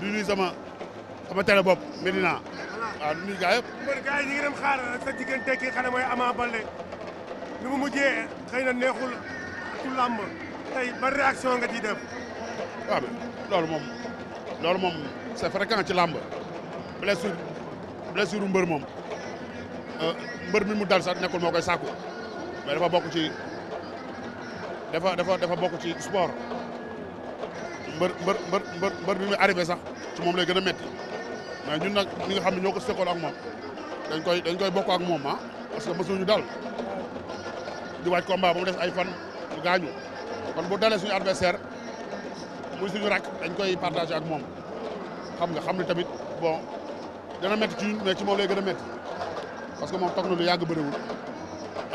du nuyu sama sama télé bopp Medina waaw du nuyu gars yëpp. kon gars yi ñu ngi dem xaar sa diggante ki xanaa mooy mu mujjee xëy neexul ci làmb tey ba réaction nga ciy def. waaw loolu moom loolu moom c'est ci làmb blessure blessure mbër moom euh, mbër mi mu dal sa nekkul moo koy sàkku mais dafa bokk ci. dafa dafa dafa bokk ci sport mbër mbër mbër mbër mbër bi muy arrivé sax ci moom lay gën a métti mais ñun nag ñi nga xam ne ñoo ko sekoon ak moom dañ koy dañ koy bokk ak moom ah parce que mësuñu dal di waaj combat ba mu des ay fan gaañu kon bu dalee suñu adversaire muy suñu rakk dañ koy partagé ak moom xam nga xam ne tamit bon dana métti ci mais ci moom lay gën a métti parce que moom toog na lu yàgg bëriwul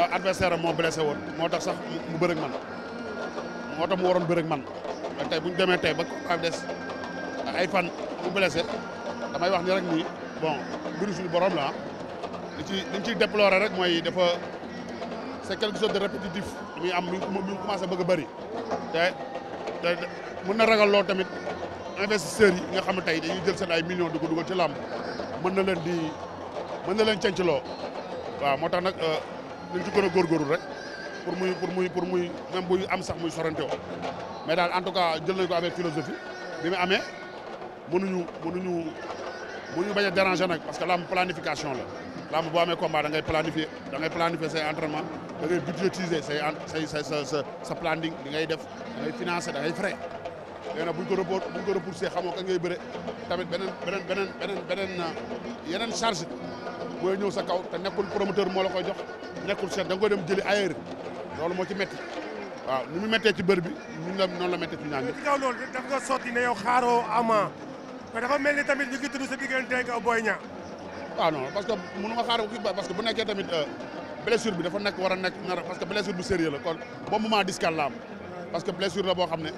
ah, adversaire am moo blessé woon moo tax sax mu bëre ak man moo tax mu waroon bëre ak man ak tey bu ñu demee tey ba am des ay fan mu blessé damay wax ni rek nii bon mbiru suñu borom la li ci li ciy déploré rek mooy dafa c'est quelque chose de répétitif muy am mi ngi commencé bëgg a bëri te te mën na ragal lool tamit investisseurs yi nga xam ne tey dañuy jël seen ay millions di ko dugal ci làmb mën na leen di mën na leen cenc loo waaw moo tax nag euh, nañ ci gën a góorgóorlu rek. pour muy pour muy pour muy même buy am sax muy sorante wo mais daal en tout cas jël nañ ko avec philosophie bi mu amee mënuñu mënuñu mënuñu bañ a déranger nag parce que lamb planification la am boo amee combat da ngay planifier da ngay planifier say entraînement da ngay budgétiser say say say sa sa sa planning li ngay def da ngay financer da ngay frais léegi nag bu ñu ko report bu ñu ko repoussé xamoo ka ngay bëre tamit beneen beneen beneen beneen beneen euh, yeneen charge booy ñëw sa kaw te nekkul promoteur moo la koy jox nekkul seet da nga koy dem jëli ailleurs loolu moo ci métti waaw ni mu méttee ci bër bi ñun la noonu la méttee ci ñaar ñi. ci kaw loolu daf nga sotti ne yow xaaroo ama mais dafa mel ni tamit ñu ngi tudd sa diggante ak Boy Niang. waaw ah non parce que mënu parce que bu nekkee tamit euh, blessure bi dafa nekk war a nekk nar parce que blessure bu sérieux la kon ba moment discal la am parce que blessure la boo xam ne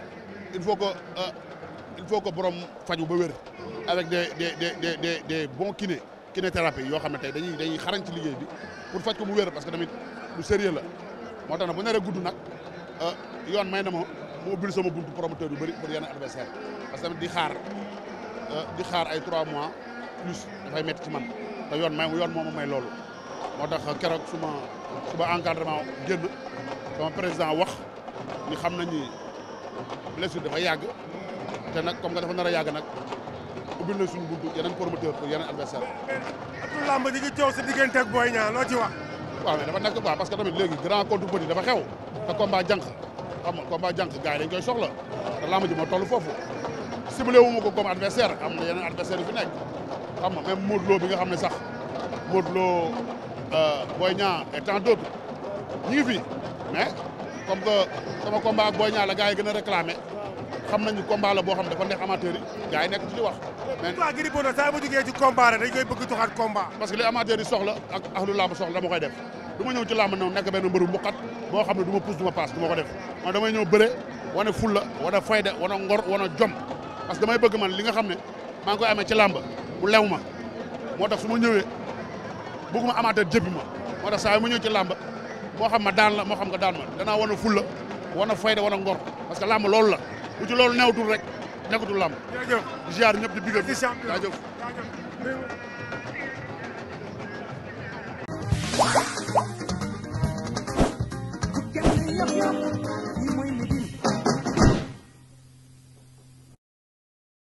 il faut que euh, il faut que borom faju ba wér avec des des des des des bons kinés kinésithérapeutes yoo xam ne tey dañuy dañuy xarañ ci liggéey bi pour faj ko mu wér parce que la. moo tax nag bu naree gudd nag euh, yoon may na ma mu ubbil sama buntu promoteur yu bëri pour yenn adversaire parce que di xaar euh, di xaar ay trois mois plus dafay métti ci man te yoon may yoon moo ma may loolu moo tax keroog suma suba encadrement génn sama président wax ni xam nañ ni blessure dafa yàgg te nag comme que dafa nar a yàgg nag ubbil na suñu buntu yeneen promoteur pour yeneen adversaire. atu lamb ji ngi coow sa diggante ak Boy Niang loo ci wax. waaw mais dafa nekk quoi parce que tamit léegi grand contre petit dafa xew te combat jànq xam nga combat jànq gars yi dañ koy soxla te làmb ji moo toll foofu ciblé wu ma ko kom adversaire am na yeneen adversaire yu fi nekk xam nga même Modou Lo bi nga xam ne sax Modou Lo euh, Boy Niang et tant d'autres ñu comme que sama combat ak Boy Niang la gars yi gën a réclamé xam nañu combat la boo xam dafa neex amateur yi gars yi nekk ci di wax. mais pourquoi Gris Bordeaux saa parce que li amateur ne bëgg man li nga xam ne maa ngi koy amee ci lamb mu lew moo tax su ma ñëwee bëgguma amateur jëppi ma moo tax saa yi ma ñëw ci lamb moo xam ma daan la moo xam nga daan ma danaa wane fulla wane fayda wane ngor parce que lamb loolu la bu ci loolu newatul rek nekkatul làmb. jaajëf ziar ñëpp